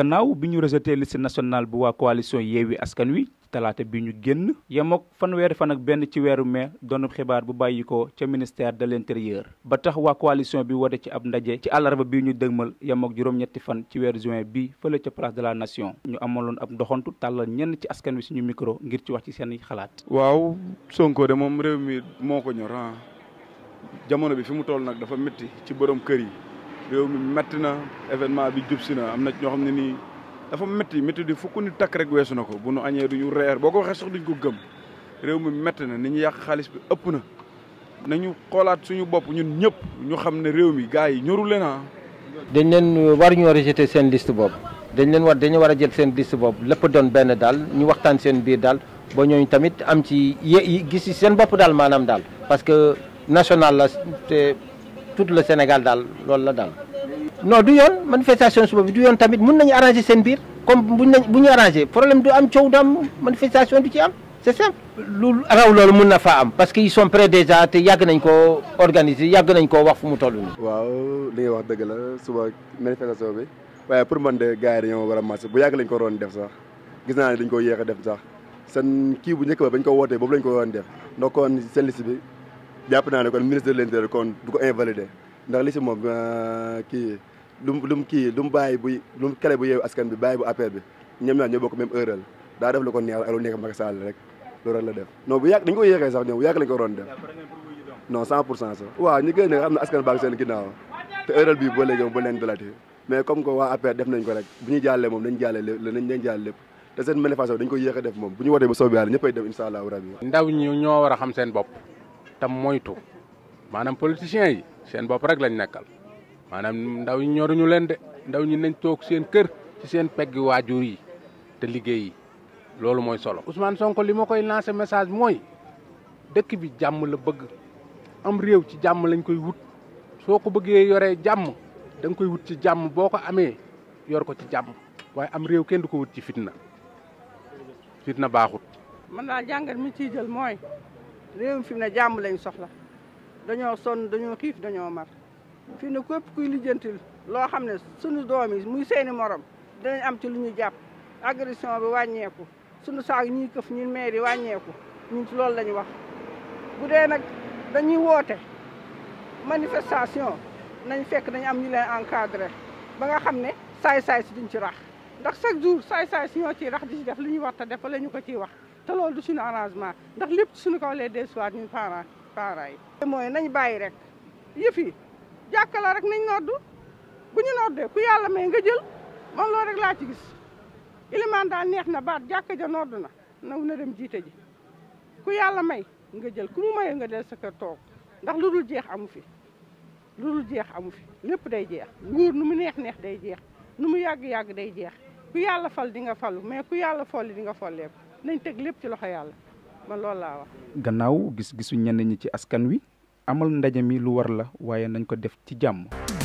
gannaaw bi ñu rejeté liste national bu waa coalition Yewwi Askan Wi talaata bi ñu génn yemook fanweeri fan ak benn ci weeru mai doonub xibaar bu bàyyi ko ca ministère de l'intérieur ba tax waa coalition bi woote ci ab ndaje ci àllarba bi ñu dëgmal yemook juróom-ñetti fan ci weeru juin bi fële ca place de la nation ñu amaloon ab ndoxantu tàllal ñenn ci askan wi suñu micro ngir ci wax ci seen xalaat waaw Sonko de moom réew mi moo ko ñor ah jamono bi fi mu toll nag dafa métti ci borom kër yi réew mi métti na événement bi jub si na am na ñoo xam ne nii dafa métti métti di fukk nit takk rek weesu na ko bu nu añee du ñu reer boo ko waxee sax duñ ko gëm réew mi métti na ni ñu yàq xaalis bi ëpp na. na ñu xoolaat suñu bopp ñun ñëpp ñu xam ne réew mi gars yi ñoru leen ah. dañ leen war ñoo rejeter seen liste boobu dañ leen war dañu war a jël seen liste boobu lépp doon benn daal ñu waxtaan seen biir daal boo ñooñu tamit am ci yé gis seen bopp daal maanaam daal parce que national la te tout le Sénégal daal loolu la daal. non du yoon manifestation suba bi du yoon tamit mun nañu arranger seen biir comme bu ñu arranger problème du am coow du am manifestation du ci am c'est simple. lu raw loolu mun na faa am parce que ils sont prêts déjà te yàgg nañ koo organiser yàgg nañ koo wax fu mu toll nii. waaw li nga wax dëgg la suba manifestation bi waaye pour man de gars yi dañoo war a marché bu yàgg lañ ko doon def sax gis naa ne dañ ko yéex a def sax seen kii ba bañ ko wootee boobu lañ jàpp naa ne kon ministre de l'intérieur kon du ko invalider ndax moom euh, kii lu mu kii lu mu bàyyi bu lu mu kale bu yeewu askan bi bu affaire bi ñoom ñaar ñoo bokk même erreur daa def lu ko neexal ak lu nekk Macky Sall rek loolu la def non bu yàgg dañu ko yéexee sax ñoom bu yàgg lañu ko waroon def non 100 pour cent sax waaw ñu gën ne xam ne askan baa ngi seen ginnaaw te erreur bi ba léegi moom ba leen dalati mais comme que waa APR def nañ ko rek bu ñu jàllee moom a def ñoo war a xam seen bopp te moytu maanaam politiciens yi seen bopp rek lañ nekkal maanaam ndaw ñi ñoruñu leen de ndaw ñi nañ toog seen kër ci seen pegg waajur yi te liggéey loolu mooy solo. Ousmane Sonko li ma koy naase message mooy dëkk bi jàmm la bëgg am réew ci jàmm lañ koy wut soo ko bëggee yoree jàmm da nga koy wut ci jàmm boo ko amee yor ko ci jàmm waaye am réew kenn du ko wut ci fitna fitna baaxut. man daal jàngat mi ci jël mooy. réew mi fi mu ne jàmm lañ soxla dañoo sonn dañoo xiif dañoo mar fi mu ne képp kuy lijjantil loo xam ne sunu doom yi muy seeni morom dinañ am ci lu ñu jàpp agression bi wàññeeku sunu saag ñuy këf ñun maire yi wàññeeku ñun ci loolu lañu wax bu dee nag dañuy woote manifestation nañ fekk dañu am ñu leen encadré ba nga xam ne saay-saay si duñ ci rax ndax chaque jour saay-saay si ñoo rax di ci def li ñuy wax te def la ñu ko ciy wax te loolu du suñu arrangement ndax lépp suñu kaw lay dellusiwaat ñun parents parents yi. mooy nañ bàyyi rek yëf yi la rek nañ noddu bu ñu noddee ku yàlla may nga jël man loolu rek laa ci gis ilimaan daal neex na baat jàkka ja noddu na nag na dem jiite ji ku yàlla may nga jël ku mu maye nga del sa kër toog ndax lu dul jeex amu fi lu dul jeex amu fi lépp day jeex nguur nu mu neex neex day jeex nu mu yàgg-yàgg day jeex ku yàlla fal di nga falu mais ku yàlla folli di nga folleeku nañ teg lépp ci loxo yàlla man gannaaw gis-gisu ñenn ñi ci askan wi amal ndaje mi lu war la waaye nañ ko def ci jàmm.